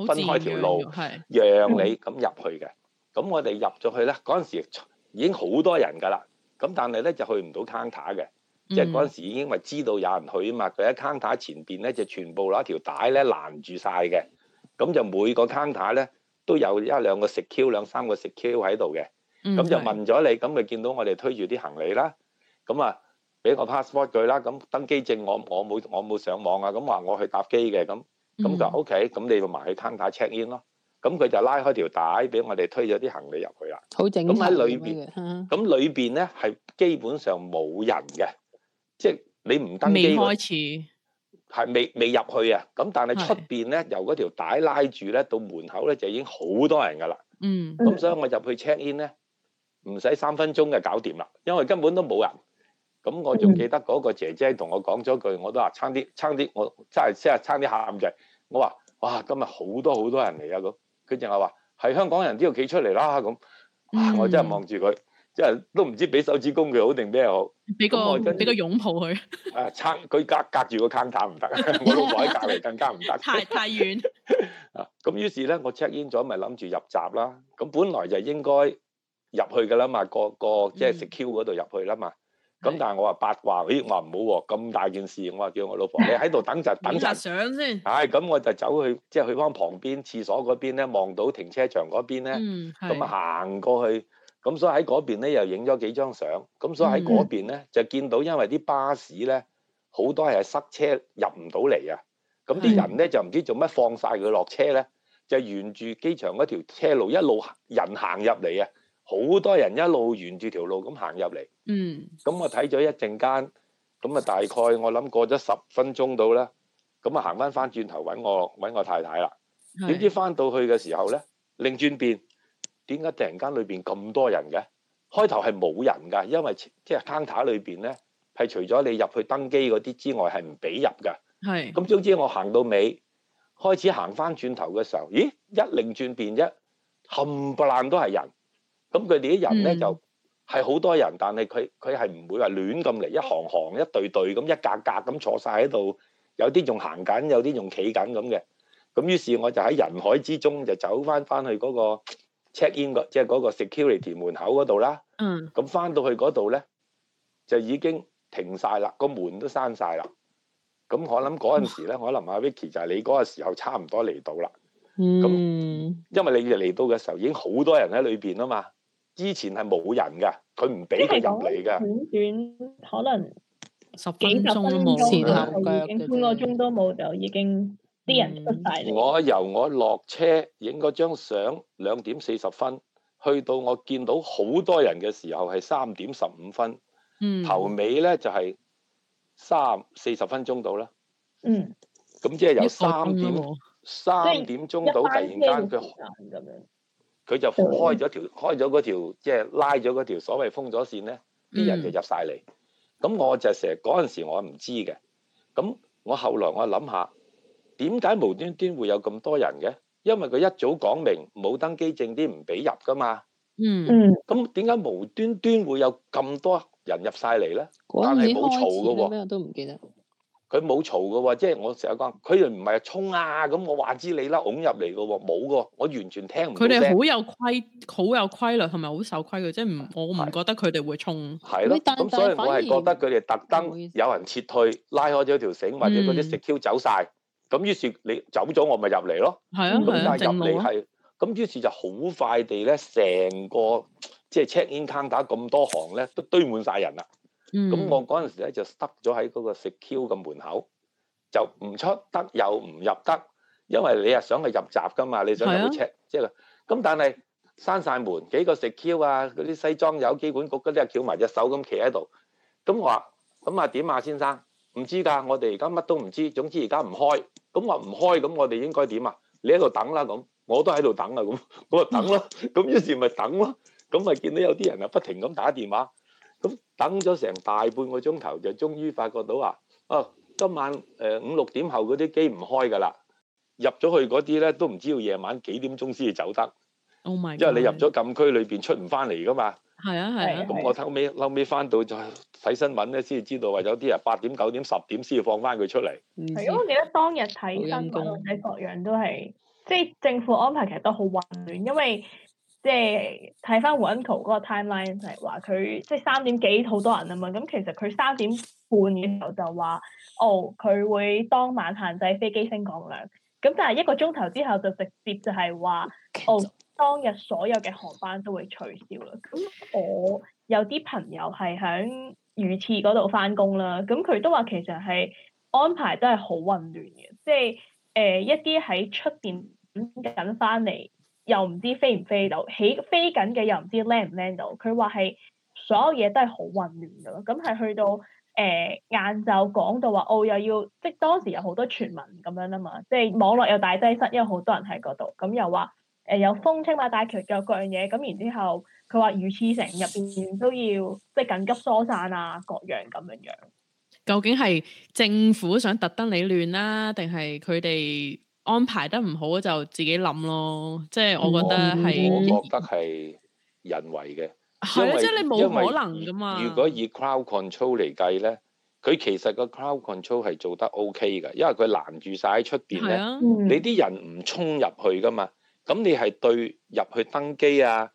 S2: 分開條路，讓你咁入去嘅。咁、嗯、我哋入咗去咧，嗰陣時已經好多人㗎啦。咁但係咧就去唔到 counter 嘅，就嗰、是、陣時已經咪知道有人去啊嘛。佢喺 counter 前邊咧就全部攞一條帶咧攔住晒嘅。咁就每個 counter 咧都有一兩個食 queue 兩三個食 queue 喺度嘅。咁就問咗你，咁咪見到我哋推住啲行李啦。咁啊，俾個 passport 佢啦。咁登機證我我冇我冇上網啊。咁話我去搭機嘅咁。咁、嗯、就 OK，咁你埋去攤台 check in 咯。咁佢就拉開條帶，俾我哋推咗啲行李入去啦。好整嘅，咁喺裏邊，咁裏邊咧係基本上冇人嘅，即係你唔登機未開始，係未未入去啊。咁但係出邊咧由嗰條帶拉住咧，到門口咧就已經好多人噶啦。嗯。咁所以我入去 check in 咧，唔使三分鐘就搞掂啦，因為根本都冇人。咁、嗯、我仲記得嗰個姐姐同我講咗句，我都話差啲，差啲，我真係真係差啲喊滯。我話：哇，今日好多好多人嚟啊！咁佢淨係話係香港人都要企出嚟啦。咁、啊、我真係望住佢，即係都唔知俾手指公佢好定咩好？
S1: 俾個俾、嗯、個擁抱佢。
S2: 啊，差佢隔隔住個 counter 唔得， 我坐喺隔離更加唔得。 太太遠。咁、 啊、於是咧，我 check in 咗，咪諗住入閘啦。咁本來就應該入去噶啦嘛，個個即係 secure 嗰度入去啦嘛。咁但係我話八卦，咦？我話唔好喎，咁大件事，我話叫我老婆你喺度等陣，等陣相先。係，咁我就走去，即係去翻旁邊廁所嗰邊咧，望到停車場嗰邊咧，
S3: 咁行
S2: 過去，咁所以喺嗰邊咧又影咗幾張相。咁所以喺嗰邊咧就見到，因為啲巴士咧好多係塞車入唔到嚟啊。咁啲人咧就唔知做乜放晒佢落車咧，就沿住機場嗰條車路一路人行入嚟啊。好多人一路沿住條路咁行入嚟，嗯，咁我睇咗一陣間，咁啊大概我諗過咗十分鐘到啦，咁啊行翻翻轉頭揾我揾我太太啦，點知翻到去嘅時候咧，擰轉變，點解突然間裏邊咁多人嘅？開頭係冇人㗎，因為即係天塔裏邊咧係除咗你入去登機嗰啲之外係唔俾入㗎，係，咁是總之我行到尾，開始行翻轉頭嘅時候，咦一擰轉,轉變啫，冚唪唥都係人。咁佢哋啲人咧、嗯、就係好多人，但係佢佢係唔會話亂咁嚟，一行行一對對咁一格格咁坐晒喺度，有啲仲行緊，有啲仲企緊咁嘅。咁於是我就喺人海之中就走翻翻去嗰個 check in 即係嗰個 security 門口嗰度啦。嗯。咁翻到去嗰度咧，就已經停晒啦，個門都閂晒啦。咁我諗嗰陣時咧，可能阿、啊啊、Vicky 就係你嗰個時候差唔多嚟到啦。嗯。
S1: 咁，
S2: 因為你嚟到嘅時候已經好多人喺裏邊啊嘛。之前係冇人嘅，佢唔俾佢入嚟嘅。短短可能十
S3: 幾十分鐘，前頭半個鐘都冇，就已經啲人出曬嚟、嗯、我
S2: 由我落車影嗰張相兩點四十分，去到我見到好多人嘅時候係三點十五分。嗯。頭尾呢就係三四十分鐘到啦。嗯。咁即係有三點三點鐘到以般突然間佢開咁樣。佢就開咗條，開咗嗰條，即係拉咗嗰條所謂封咗線咧，啲、嗯、人就入晒嚟。咁我就成日嗰陣時我唔知嘅。咁我後來我諗下，點解無端端會有咁多人嘅？因為佢一早講明冇登機證啲唔俾入噶嘛。嗯。咁點解無端端會有咁多人入晒嚟咧？嗯、但係冇開始嘅咩都唔記得。佢冇嘈嘅喎，即係、就是、我成日講，佢哋唔係衝啊！咁我話知你啦，拱入嚟嘅喎，冇嘅喎，我完全聽唔到。佢哋好
S1: 有規，好有規律係咪？好守規矩，即係唔，我唔覺得佢哋會衝。
S2: 係咯的，咁是所以我係覺得佢哋特登有人撤退，拉開咗條繩，或者嗰啲 secure 走晒。咁、嗯、於是你走咗，我咪入嚟咯。
S4: 係啊係啊，正路啊！
S2: 咁於是就好快地咧，成、就、個、是、即係 check-in counter 咁多行咧，都堆滿晒人啦。咁、嗯、我嗰陣時咧就塞咗喺嗰個食 Q 嘅門口，就唔出得又唔入得，因為你係想去入閘噶嘛，你想去，去 check，、啊、即係，咁但係閂晒門，幾個食 Q 啊，嗰啲西裝有機管局嗰啲啊翹埋隻手咁企喺度，咁我話，咁啊點啊，先生，唔知㗎，我哋而家乜都唔知，總之而家唔開，咁我唔開，咁我哋應該點啊？你喺度等啦，咁我都喺度等啊，咁我話等咯，咁於是咪等咯，咁咪見到有啲人啊不停咁打電話。等咗成大半個鐘頭，就終於發覺到啊！哦，今晚誒五六點後嗰啲機唔開㗎啦。入咗去嗰啲咧，都唔知道夜晚幾點鐘先至走得。
S1: Oh my！因為你入
S2: 咗禁區裏邊，出唔翻嚟㗎嘛。係啊係啊。咁我後尾後尾翻到再睇新聞咧，先至知道。有為咗啲人八點九點十點先要放翻佢出嚟。
S3: 係，我記得當日睇新聞睇各樣都係，即係政府安排其實都好混亂，因為。即係睇翻胡恩圖嗰個 timeline 就係話佢即係三點幾好多人啊嘛，咁其實佢三點半嘅時候就話哦，佢會當晚限制飛機升降量，咁但係一個鐘頭之後就直接就係話 Okay. 哦，當日所有嘅航班都會取消啦。咁、嗯、我有啲朋友係喺魚翅嗰度翻工啦，咁、嗯、佢都話其實係安排都係好混亂嘅，即係誒一啲喺出邊等緊翻嚟。又唔知飛唔飛到，起飛緊嘅又唔知 land 唔 land 到。佢話係所有嘢都係好混亂嘅咯。咁係去到誒晏晝講到話，哦又要即當時有好多傳聞咁樣啊嘛，即係網絡又大擠塞，因為好多人喺嗰度。咁又話誒、呃、有風青馬大橋有各樣嘢。咁然之後佢話魚翅城入邊都要即緊急疏散啊，各樣咁樣樣。
S1: 究竟係政府想特登你亂啦，定係佢哋？安排得唔好就自己諗咯，即係我覺得係，我覺
S2: 得係人為嘅。係啊 為，即係你冇可能噶嘛。如果以 crowd control 嚟計咧，佢其實個 crowd control 係做得 OK 嘅，因為佢攔住晒喺出邊咧，啊、你啲人唔衝入去㗎嘛。咁你係對入去登機啊，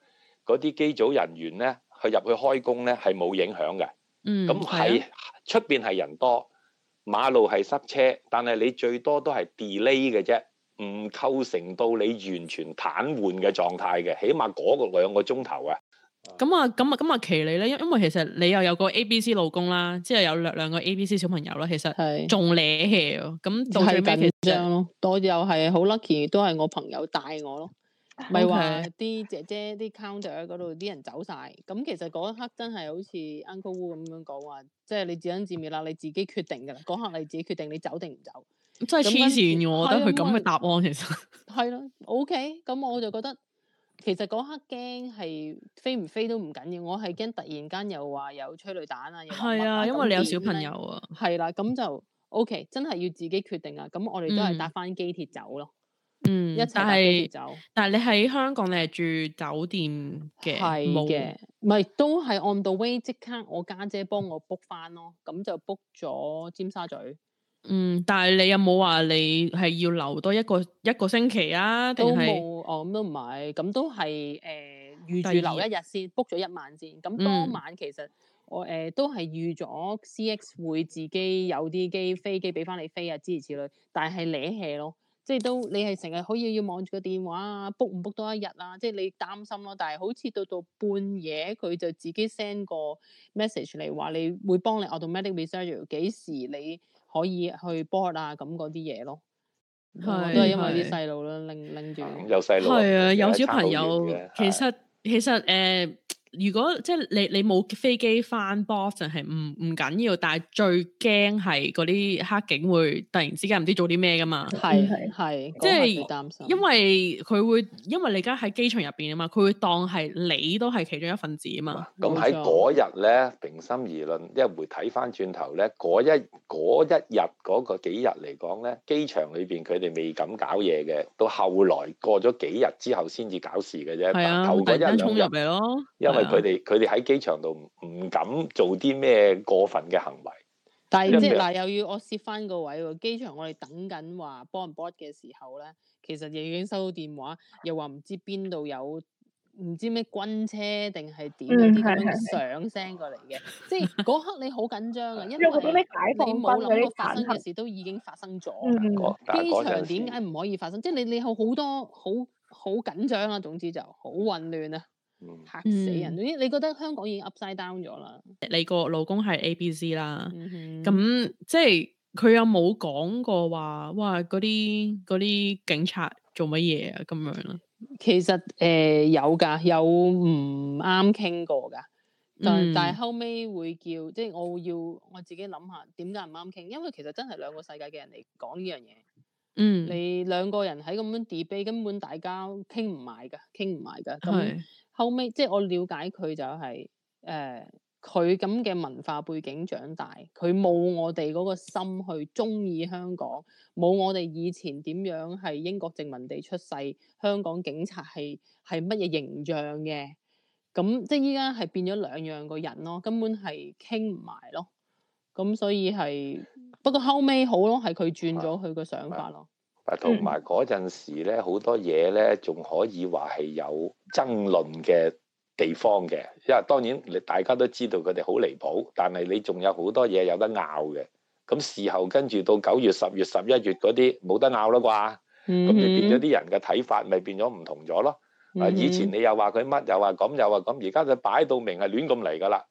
S2: 嗰啲機組人員咧，去入去開工咧係冇影響嘅。嗯，
S1: 係啊，咁係
S2: 出邊係人多。馬路係塞車，但係你最多都係 delay 嘅啫，唔構成到你完全癱瘓嘅狀態嘅，起碼嗰個兩個鐘頭啊。
S1: 咁啊、嗯，咁啊，咁啊，奇你咧，因因為其實你又有個 A B C 老公啦，之後有兩兩個 A
S4: B C 小朋友啦，其實仲瀨氣哦。咁就係是緊張咯，我又係好 lucky，都係我朋友帶我咯。咪係話啲姐姐啲 counter 嗰度啲人走晒，咁其實嗰一刻真係好似 Uncle Wu 咁樣講話，即係你自吞自滅啦，你自己決定噶啦，嗰下你自己決定，你走定唔走？
S1: 真係黐線嘅，那我覺得佢咁嘅答案其
S4: 實係咯、啊 啊、，OK，咁我就覺得其實嗰刻驚係飛唔飛都唔緊要，我係驚突然間又話有催淚彈啊，係啊，啊，因為你有小朋友啊，係啦，咁、啊、就 OK，真係要自己決定啊，咁我哋都係搭翻機鐵走咯。嗯
S1: 嗯，一齊走。但係你喺香港，你係住酒店嘅，冇嘅
S4: 的，唔係有都係 on the way，即刻我家姐，姐幫我 book 翻咯，咁就 book 咗尖沙咀。嗯，
S1: 但係你有冇話你係要留多一個一個星期啊？都冇
S4: 哦，咁、嗯、都唔係，咁都係誒、呃、預留一日先，book 咗一晚先。咁當晚其實、嗯、我誒、呃、都係預咗 CX 會自己有啲機飛機俾翻你飛啊，諸如此類。但係咧氣咯。即係都你係成日可以要望住個電話讀讀啊，book 唔 book 多一日啦，即係你擔心咯。但係好似到到半夜佢就自己 send 個 message 嚟話你會幫你 automatic reschedule 幾時你可以去 board 啊，咁嗰啲嘢咯。係是、嗯，都係因為啲細路啦，拎拎住。
S2: 有細路。係啊，有小朋友，
S1: 其實其實誒。呃如果即係你你冇飛機返 Boston 就係唔唔緊要，但係最驚係嗰啲黑警會突然之間唔知做啲咩噶嘛？
S4: 係係係，即係是
S1: 因為佢會因為你而家喺機場入邊啊嘛，佢會當係你都係其中一份子啊嘛。咁喺嗰
S2: 日咧平心而論，一回睇翻轉頭咧嗰一一日嗰個幾日嚟講咧，機場裏邊佢哋未敢搞嘢嘅，到後來過咗幾日之後先至搞事嘅啫。係啊，突然間衝入嚟
S1: 咯，因為。佢哋
S2: 佢哋喺機場度唔敢做啲咩過分嘅行為。
S4: 但係即係嗱，又要我設翻個位喎。機場我哋等緊話 board 唔 board 嘅時候咧，其實亦已經收到電話，又話唔知邊度有唔知咩軍車定係點嗰啲咁樣上聲過嚟嘅。即係嗰刻你好緊張啊，因為你冇諗到發生嘅事都已經發生咗。機場點解唔可以發生？即係你你有好多好好緊張啦，總之就好混亂啊！嚇死人！嗯、你覺得香港已經 upside down 咗啦。
S1: 你個老公係 ABC 啦，咁即係佢有冇講過話哇？嗰啲啲警
S4: 察做乜嘢啊？咁樣啦。其實誒有噶，有唔啱傾過噶，嗯、但但係後尾會叫，即係我要我自己諗下點解唔啱傾，因為其實真係兩個世界嘅人嚟講呢樣嘢。嗯，你兩個人喺咁樣 debate，根本大家傾唔埋噶，傾唔埋噶咁。後尾即係我了解佢就係誒佢咁嘅文化背景長大，佢冇我哋嗰個心去鍾意香港，冇我哋以前點樣係英國殖民地出世，香港警察係係乜嘢形象嘅，咁即係依家係變咗兩樣個人咯，根本係傾唔埋咯，咁所以係不過後尾好咯，係佢轉咗佢個想法咯。
S2: 同埋嗰陣時咧，好多嘢咧，仲可以話係有爭論嘅地方嘅，因為當然你大家都知道佢哋好離譜，但係你仲有好多嘢有得拗嘅。咁事後跟住到九月、十月、十、mm hmm. 一月嗰啲冇得拗啦啩，
S4: 咁你變咗啲
S2: 人嘅睇法，咪變咗唔同咗咯。
S4: 啊，以前你
S2: 又話佢乜，又話咁，又話咁，而家佢擺到明係亂咁嚟噶啦，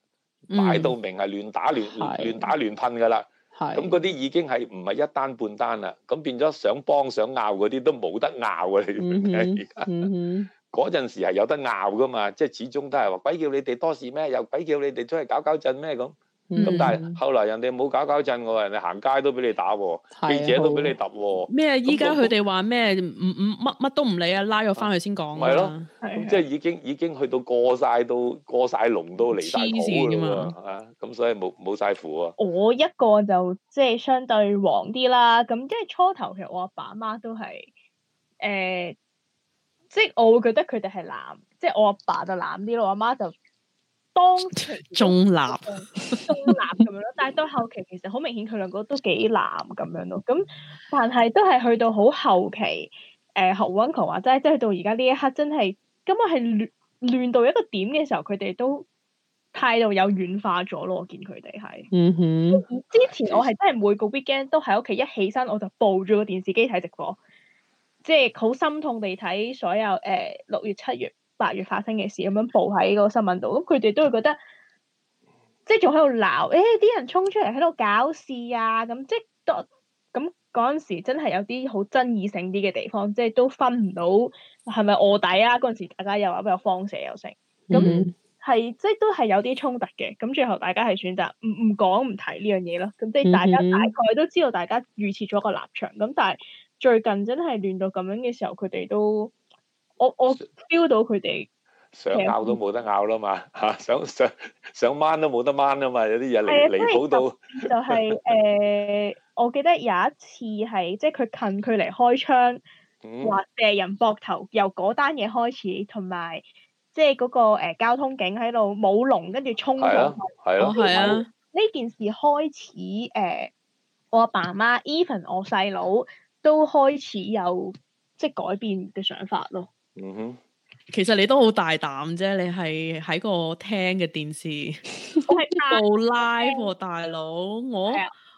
S2: 擺到明係亂打亂、mm hmm. 亂打亂噴噶啦。咁嗰啲已經係唔係一單半單啦？咁變咗想幫想拗嗰啲都冇得拗嘅，你明唔明？嗰、嗯、陣 時係有得拗嘅嘛，即係始終都係話，鬼叫你哋多事咩？又鬼叫你哋出去搞搞震咩咁？咁、嗯、但係後嚟人哋冇搞搞震喎，人哋行街都俾你打喎，啊、記者都俾你揼喎。咩？依家佢
S1: 哋話咩？唔唔乜乜都唔理啊，拉咗翻去先講。係咯、啊，即係
S2: 已經已經去到過晒到過曬龍都離大講噶嘛。啊，咁、啊、所以冇冇曬符
S1: 啊。我一個
S3: 就即係相對黃啲啦。咁即係初頭其實我阿爸阿媽,媽都係誒，即、欸、係、就是、我會覺得佢哋係藍，即、就、係、是、我阿爸,爸就藍啲咯，我阿媽就。當權中立， 中立咁樣咯。但係到後期，其實好明顯佢兩個都幾藍咁樣咯。咁但係都係去到好後期，誒、呃，學 uncle 話齋即係到而家呢一刻，真係根本係亂亂到一個點嘅時候，佢哋都態度有軟化咗咯。我見佢哋係，嗯、
S4: 哼
S3: 之前我係真係每個 weekend 都喺屋企一起身我就抱住個電視機睇直播，即係好心痛地睇所有誒六月七月。八月發生嘅事咁樣報喺個新聞度，咁佢哋都會覺得即係仲喺度鬧，誒、欸、啲人衝出嚟喺度搞事啊！咁即係多咁嗰陣時真係有啲好爭議性啲嘅地方，即係都分唔到係咪臥底啊？嗰陣時大家又話比較放蛇又成，咁係、mm hmm. 即係都係有啲衝突嘅。咁最後大家係選擇唔唔講唔睇呢樣嘢咯。咁即係大家大概都知道大家預設咗一個立場。咁、mm hmm. 但係最近真係亂到咁樣嘅時候，佢哋都。我我 feel 到佢哋
S2: 想拗都冇得拗啦嘛，嚇想想想掹都冇得掹啊嘛，有啲嘢離離譜到
S3: 就係誒，我記得有一次係即係佢近距離開槍，
S4: 話
S3: 射人膊頭，由嗰單嘢開始，同埋即係嗰個交通警喺度舞龍，跟住衝咗係啊係啊呢件事開始誒，我阿爸媽 even 我細佬都開始有即係改變嘅想法咯。
S1: 嗯哼，其實你都好大膽啫，你係喺個廳嘅電視直播 live 喎，大佬，我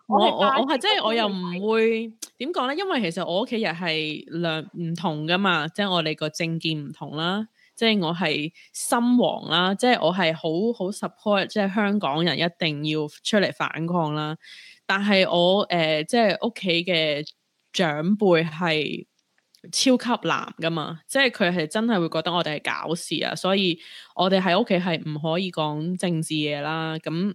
S1: 我我我係真係我又唔會點講咧，因為其實我屋企人係兩唔同噶嘛，即係我哋個政見唔同啦，即係我係深黃啦，即係我係好好 support，即係香港人一定要出嚟反抗啦，但係我誒，即係屋企嘅長輩係。超級難噶嘛，即係佢係真係會覺得我哋係搞事啊，所以我哋喺屋企係唔可以講政治嘢啦。咁，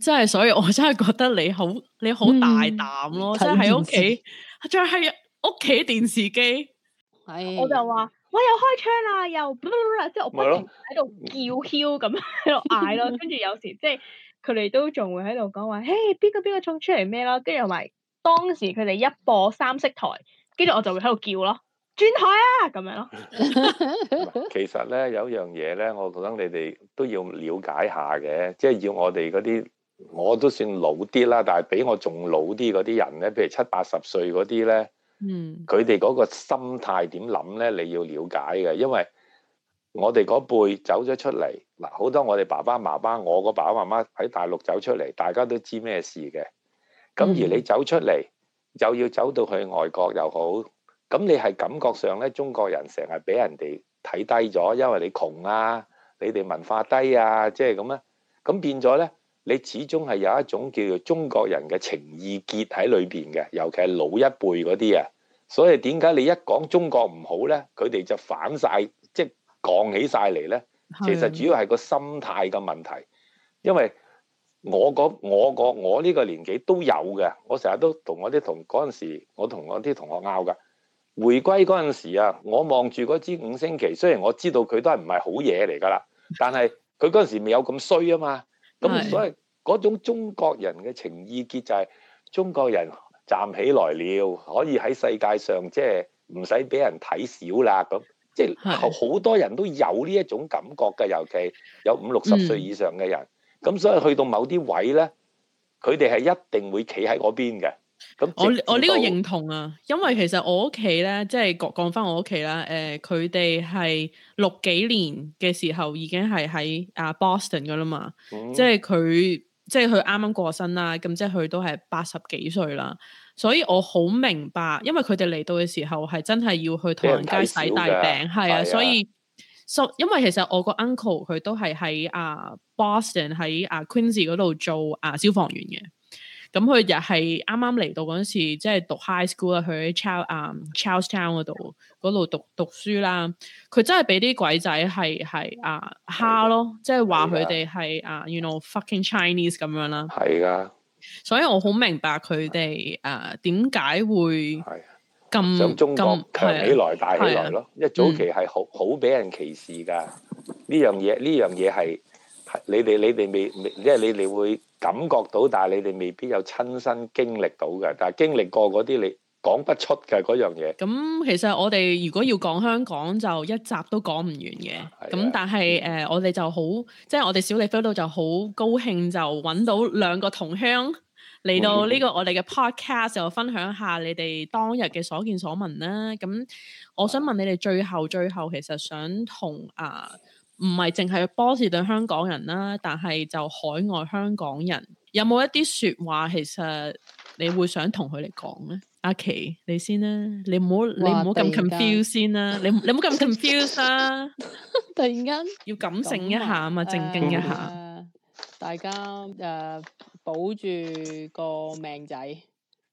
S1: 真係所以我真係覺得你好你好大膽咯，嗯、即係喺屋企，仲係屋企電視機，
S4: 是我就
S3: 話我又開槍啦，又噗噗噗噗噗即係我不停喺度叫囂咁喺度嗌咯，跟住 有時即係佢哋都仲會喺度講話，誒邊個邊個衝出嚟咩啦，跟住又埋當時佢哋一播三色台，跟住我就會喺度叫咯，轉台啊咁樣咯。
S2: 其實咧有一樣嘢咧，我覺得你哋都要了解下嘅，即係要我哋嗰啲我都算老啲啦，但係比我仲老啲嗰啲人咧，譬如七八十歲嗰啲咧，嗯，佢哋嗰個心態點諗咧？你要了解嘅，因為我哋嗰輩走咗出嚟嗱，好多我哋爸爸媽媽，我個爸爸媽媽喺大陸走出嚟，大家都知咩事嘅。
S4: 咁而你
S2: 走出嚟。嗯就要走到去外國又好，咁你係感覺上咧，中國人成日俾人哋睇低咗，因為你窮啊，你哋文化低啊，即係咁啦。咁變咗咧，你始終係有一種叫做中國人嘅情意結喺裏邊嘅，尤其係老一輩嗰啲啊。所以點解你一講中國唔好咧，佢哋就反晒，即係降起晒嚟咧？其實主要係個心態嘅問題，因為。我個我個我呢個年紀都有嘅，我成日都同我啲同嗰陣時，我同我啲同學拗嘅。回歸嗰陣時啊，我望住嗰支五星旗，雖然我知道佢都係唔係好嘢嚟噶啦，但係佢嗰陣時未有咁衰啊嘛。咁所以嗰種中國人嘅情意結就係中國人站起來了，可以喺世界上即係唔使俾人睇少啦。咁即係好多人都有呢一種感覺嘅，尤其有五六十歲以上嘅人。嗯咁、嗯、所以去到某啲位咧，佢哋係一定會企喺嗰邊嘅。咁我我呢個認
S1: 同啊，因為其實我屋企咧，即係講講翻我屋企啦。誒、呃，佢哋係六幾年嘅時候已經係喺啊 Boston 噶啦嘛，嗯、即係佢即係佢啱啱過身啦。咁即係佢都係八十幾歲啦，所以我好明白，因為佢哋嚟到嘅時候係真係要去唐人街洗大餅，係啊，啊啊所以。So，因為其實我個 uncle 佢都係喺啊 Boston 喺啊 Quincy 嗰度做啊、uh，消防員嘅，咁佢又係啱啱嚟到嗰陣時，即、就、係、是、讀 high school 啦、um, ow，佢喺 Charles 啊 Charlestown 嗰度度讀讀書啦。佢真係俾啲鬼仔係係啊蝦咯，即係話佢哋係啊 you know fucking Chinese 咁樣啦。係噶的，所以我好明白佢哋誒點解會。咁中國強起來、大起來咯！因為
S2: 早期係好好俾人歧視㗎，呢樣嘢呢樣嘢係你哋你哋未未，即係你哋會感覺到，但係你哋未必有親身經歷到嘅。但係經歷過嗰啲，你講不出嘅嗰樣嘢。咁
S1: 其實我哋如果要講香港，就一集都講唔完嘅。咁但係誒，我哋就好，即係我哋小李非都就好高興，就揾到兩個同鄉。嚟到呢個我哋嘅 podcast 就分享下你哋當日嘅所見所聞啦。咁我想問你哋最後最後其實想同啊，唔係淨係波士頓香港人啦，但係就海外香港人有冇一啲説話其實你會想同佢哋講咧？阿琪，你先啦，你唔好哇你唔好咁 confuse 先啦，你你唔好咁 confuse 啦。突然間要感性一下啊嘛，嗯、正經一下，
S4: 呃、大家誒。呃保住個命仔，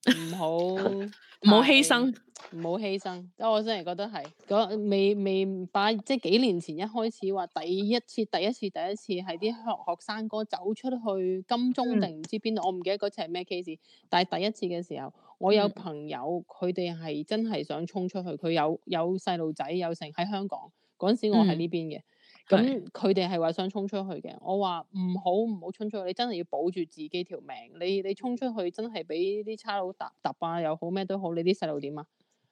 S4: 唔好唔 好犧牲，唔太 好犧牲。 我真係覺得係未未把，即係幾年前一開始話第一次、第一次、第一次係啲學學生哥走出去金鐘定唔知邊度，我唔記得嗰次係咩 case。但係第一次嘅時候，我有朋友佢哋係真係想衝出去，佢有有細路仔，有，有成喺香港嗰陣時我，我喺呢邊嘅。咁佢哋係話想衝出去嘅，我話唔好唔好衝出去，你真係要保住自己條命。你你衝出去真係俾啲差佬打打巴、啊、又好咩都好，你啲細路點啊？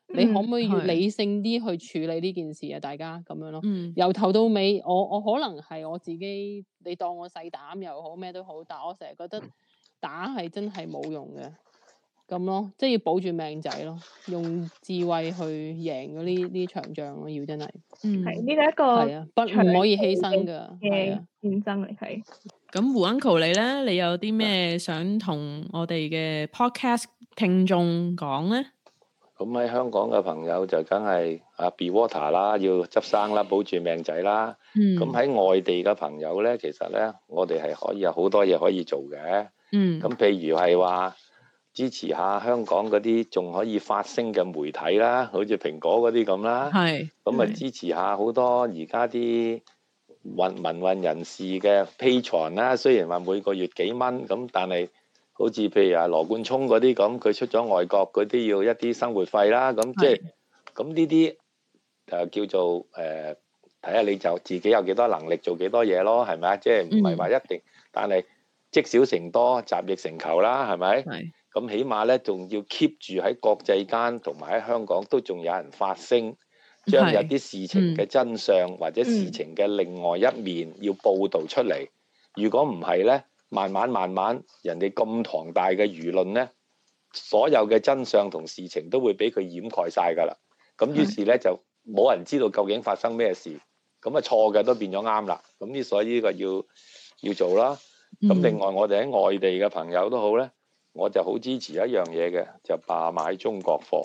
S4: 嗯、你可唔可以理性啲去處理呢件事啊？大家咁樣咯，由、嗯、頭到尾，我我可能係我自己，你當我細膽又好咩都好，但係我成日覺得打係真係冇用嘅。咁咯，即係要保住命仔咯，用智慧去贏嗰啲、呢場仗咯，要真係係呢個一個、啊、不唔可以犧牲嘅
S1: 戰爭嚟睇。咁、啊、胡 Uncle 你咧，你有啲咩想同我哋嘅 podcast 聽眾講咧？
S2: 咁喺香港嘅朋友就梗係啊 Be Water 啦，要執生啦，保住命仔啦。咁喺、嗯、外地嘅朋友咧，其實咧，我哋係可以有好多嘢可以做嘅。咁、嗯、譬如係話。支持下香港嗰啲仲可以發聲嘅媒體啦，好似蘋果嗰啲咁啦。係咁啊，支持下好多而家啲民民運人士嘅 Patreon 啦。雖然話每個月幾蚊咁，但係好似譬如啊羅冠聰嗰啲咁，佢出咗外國嗰啲要一啲生活費啦。咁即係咁呢啲誒叫做誒睇下你就自己有幾多能力做幾多嘢咯，係咪啊？即係唔係話一定，的嗯、但係積少成多，集腋成裘啦，係咪？咁起碼咧，仲要 keep 住喺國際間同埋喺香港都仲有人發聲，
S4: 將有啲
S2: 事情嘅真相、嗯、或者事情嘅另外一面要報導出嚟。嗯、如果唔係咧，慢慢慢慢人哋咁龐大嘅輿論咧，所有嘅真相同事情都會俾佢掩蓋晒㗎啦。咁於是咧就冇人知道究竟發生咩事，咁啊錯嘅都變咗啱啦。咁呢，所以呢個要要做啦，咁另外我哋喺外地嘅朋友都好咧。我就好支持一樣嘢嘅，就罷買中國貨。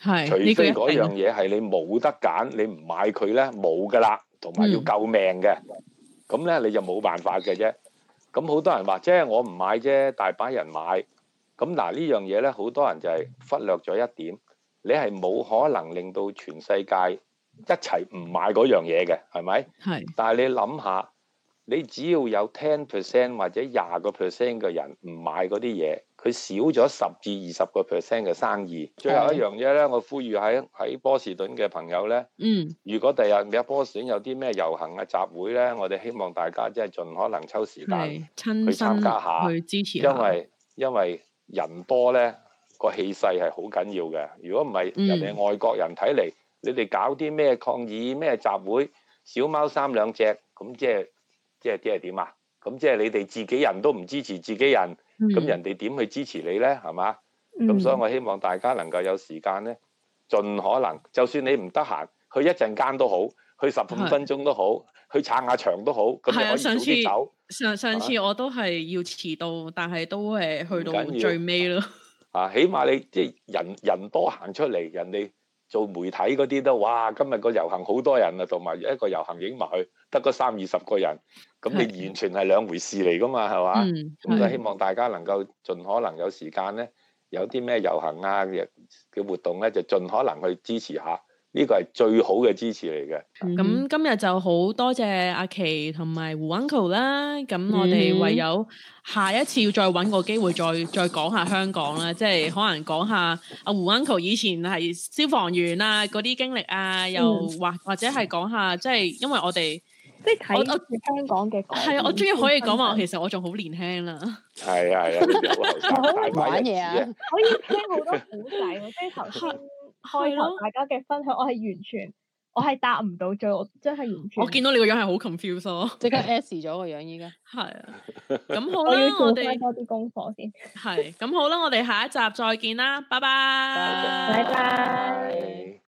S1: 係，除非嗰樣嘢
S2: 係你冇得揀，你唔買佢咧冇㗎喇，同埋要救命嘅，咁咧你就冇辦法嘅啫。咁好多人話，即係我唔買啫，大把人買。咁嗱呢樣嘢咧，好多人就係忽略咗一點，你係冇可能令到全世界一齊唔買嗰樣嘢嘅，係咪？係。但係你諗下。你只要有 ten percent 或者廿個 percent 嘅人唔買嗰啲嘢，佢少咗十至二十個 percent 嘅生意。最後一樣嘢咧，我呼籲喺喺波士頓嘅朋友咧，嗯，如果第日你阿波士頓有啲咩遊行嘅集會咧，我哋希望大家即係盡可能抽時間
S1: 親去參加下，去
S2: 支持，因為因為人多咧，個氣勢係好緊要嘅。如果唔係人哋、嗯、外國人睇嚟，你哋搞啲咩抗議咩集會小貓三兩隻咁即係。即係即係點啊？咁即係你哋自己人都唔支持自己人，咁、嗯、人哋點去支持你咧？係嘛？咁、嗯、所以我希望大家能夠有時間咧，盡可能，就算你唔得閒，去一陣間都好，去十五分鐘都好，的去撐下場都好，咁你可以早啲走。上次
S1: 上，上次我都係要遲到，的但係都誒去到係最尾咯。
S2: 啊， 起碼你即係人人，人多行出嚟，人哋。做媒體嗰啲都哇，今日個遊行好多人啊，同埋一個遊行影埋去，得嗰三二十個人，咁你完全係兩回事嚟㗎嘛，係嘛的？咁吧、嗯、就希望大家能夠盡可能有時間呢，有啲咩遊行啊嘅嘅活動呢，就盡可能去支持下。呢個係最好嘅支持嚟嘅。
S1: 咁今日就好多謝阿琪同埋胡 Uncle 啦。咁我哋唯有下一次要再揾個機會再再講下香港啦。即係可能講下阿胡 Uncle 以前係消防員啊，嗰啲經歷啊，又或或者係講下即係因為我哋即係睇多次香港嘅。係啊，我終於可以講話，其實我仲好年輕啦。
S2: 係啊係啊，好玩嘢啊！可以聽好多古仔，即係頭先。
S3: 開頭大家嘅分享，我係完全，我係答唔到最真係完全。嗯、我見到
S1: 你個樣係好 confused 咯，即刻 s 咗個樣依家。係啊，咁好啦，我哋多啲功課先。係，咁好啦，我哋下一集再見啦，拜拜，拜拜。Bye bye bye
S4: bye